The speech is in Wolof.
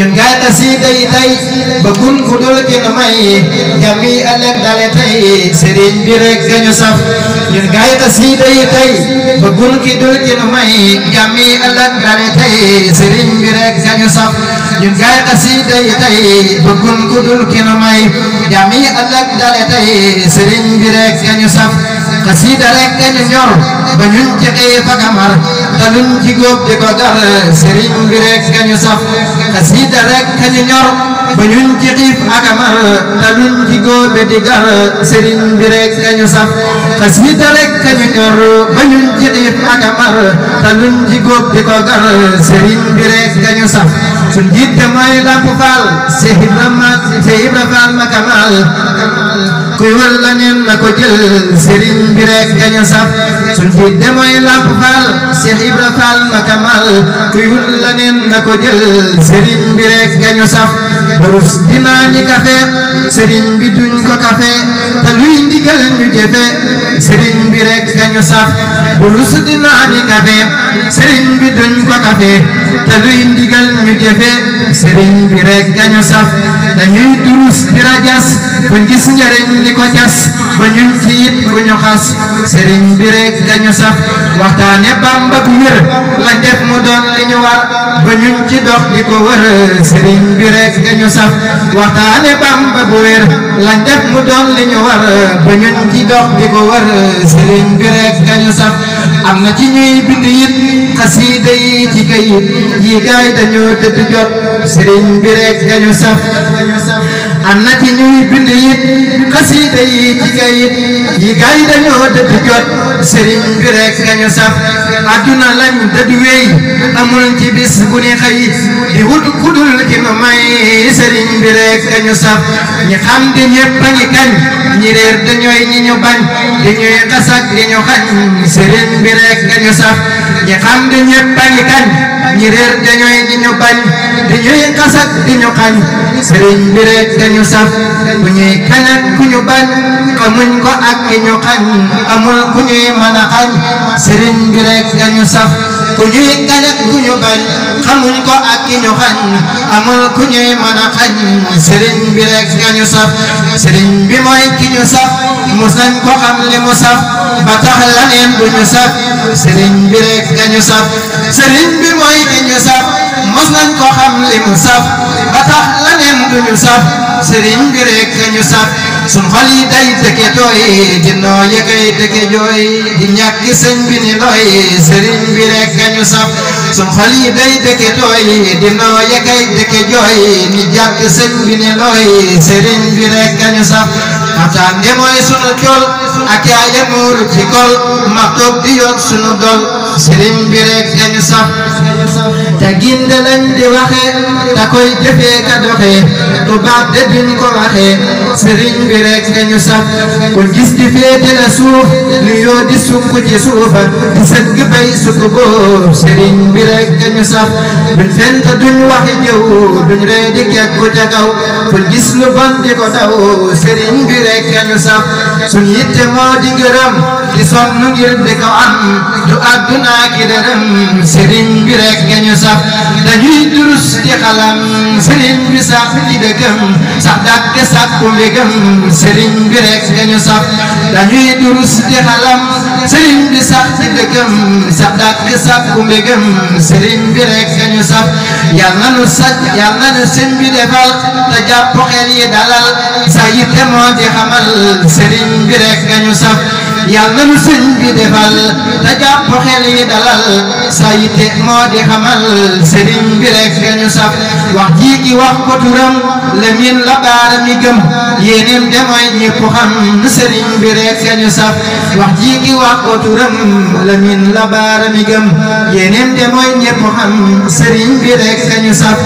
ñun ngay xasida yi tey bëggul ku dul yi ëllëg dale tey sëriñ bi rek gañu saf yi tey bëggul ki dul kin may ngam yi ëllëg dale tey bi rek gañu saf ñun ngay xasida yi tey bëggul ku dul kin may ngam yi ëllëg dale tey sëriñ bi rek gañu saf xasida rek ba ñun ci fa kamar xanuñ ci góob di ko dal sëriñ bi rek kañu saf xasida rek ba ñuñ ci xiif jiit damay làmp faal Seex Ibra Maal Seex Ibra Faal ma kamal kuy wër la neen na ko jël sëriñ bi rek kañu saf suñ jiit damay làmp faal Ibra Faal ma kamal ku la neen ko jël sëriñ bi rek gañu saf barus dinaa ñi kafe sëriñ bi duñ ko kafe te luy ndigal ñu jëfe ñu sax bu rus di naani kafe sëriñ bi duñ ko kafe te luy ndigal ñu jëfe sëriñ bi rek a ñu sax dañuy durus di rajas bu gis njariñ li ko jas ba ñun ci it bu ñu xas sëriñ bi rek nga ñu sax waxtaane Bàmba bu wér la def mu doon li ñu war ba ñu ci dox di ko wër sëriñ bi rek nga ñu saf waxtaane Bamba bu wér lañ def mu doon li ñu war ba ñu ci dox di ko wër sëriñ bi rek ñu saf am na ci ñuy bind it xasiida yi ci kayit yi a dañoo tëdd jot sëriñ bi rek nga ñu saf am ci ñuy bind xasiida yi digga yit yi gaay dañoo dëdd jot sëriñ bi rek gañu saf àdduna lañ dëdd wéy amul ci bis bu ni xëy di wut kudul ki nu may sëriñ bi rek gañu saf ñi xam di ñépp a ñi kañ ñi réer dañooy ñi ñu bañ di ñuy xasak di ñu xañ sëriñ bi rek gañu saf ñi xam di ñépp a ñi réer dañooy ñi ñu bañ di ñuy xasak di ñu xañ sëriñ bi rek gañu saf bu ñuy kañak ku ñu bañ xamuñ ko ak ki ñu xañ amul ku ñuy mën a xañ sëriñ bi rek nga ñu saf ku ñuy gañak ku ñu bañ xamuñ ko a xañ bi mooy ki ñu saf ko xam li mu saf la neen du ñu saf bi rek nga sun xol yi day dëkke tooy di nooye kay dëkke jooy di ñàkk sëñ bi ni looy sëriñ bi rek kañu saf sun xol yi day dëkke tooy di nooye kay dëkke jooy ni jàkk sëñ bi ni looy sëriñ bi rek kañu saf xataan de mooy sunu col ak yaaya nuuru ci kol ma toog di yoon sunu dol sëriñ bi rek dañu sax te di waxe te koy jëfee ka doxe tubaab de duñ ko waxe sëriñ bi rek dañu sax ku di féete la suuf li di sukk ci suufa di sëgg bay sukk boob sëriñ bi rek dañu sax duñ fent duñ waxi jëw duñ ree di kekku ca kaw ku gis di ko daw sëriñ bi rek dañu sax suñ yitte moo di gërëm di sonn ngir di ko am du naaki dërëm sëriñ bi rek nga ñu saf dañuy durus di xalam sëriñ bi sax di dëggam sax dàkk sax ku mbégam sëriñ bi rek nga ñu saf dañuy durus di xalam sëriñ bi sax di dëggam sax dàkk sax ku mbégam sëriñ bi rek nga ñu saf yal na nu saj yal na nu sëñ bi defal te jàpp xel yi dalal sa yitte moo di xamal sëriñ bi rek nga ñu saf yàlla na nu sëñ bi defal te jàpp xel yi dalal sa yitte moo di xamal sëriñ bi rek ñu saf wax ji ki wax ko turam lemin la baara mi gëm yéeneem demay ñépp xam sëriñ bi rek ñu saf wax ji ki wax ko turam lemin la baara mi gëm yéeneem demay ñépp xam sëriñ bi rek ñu saf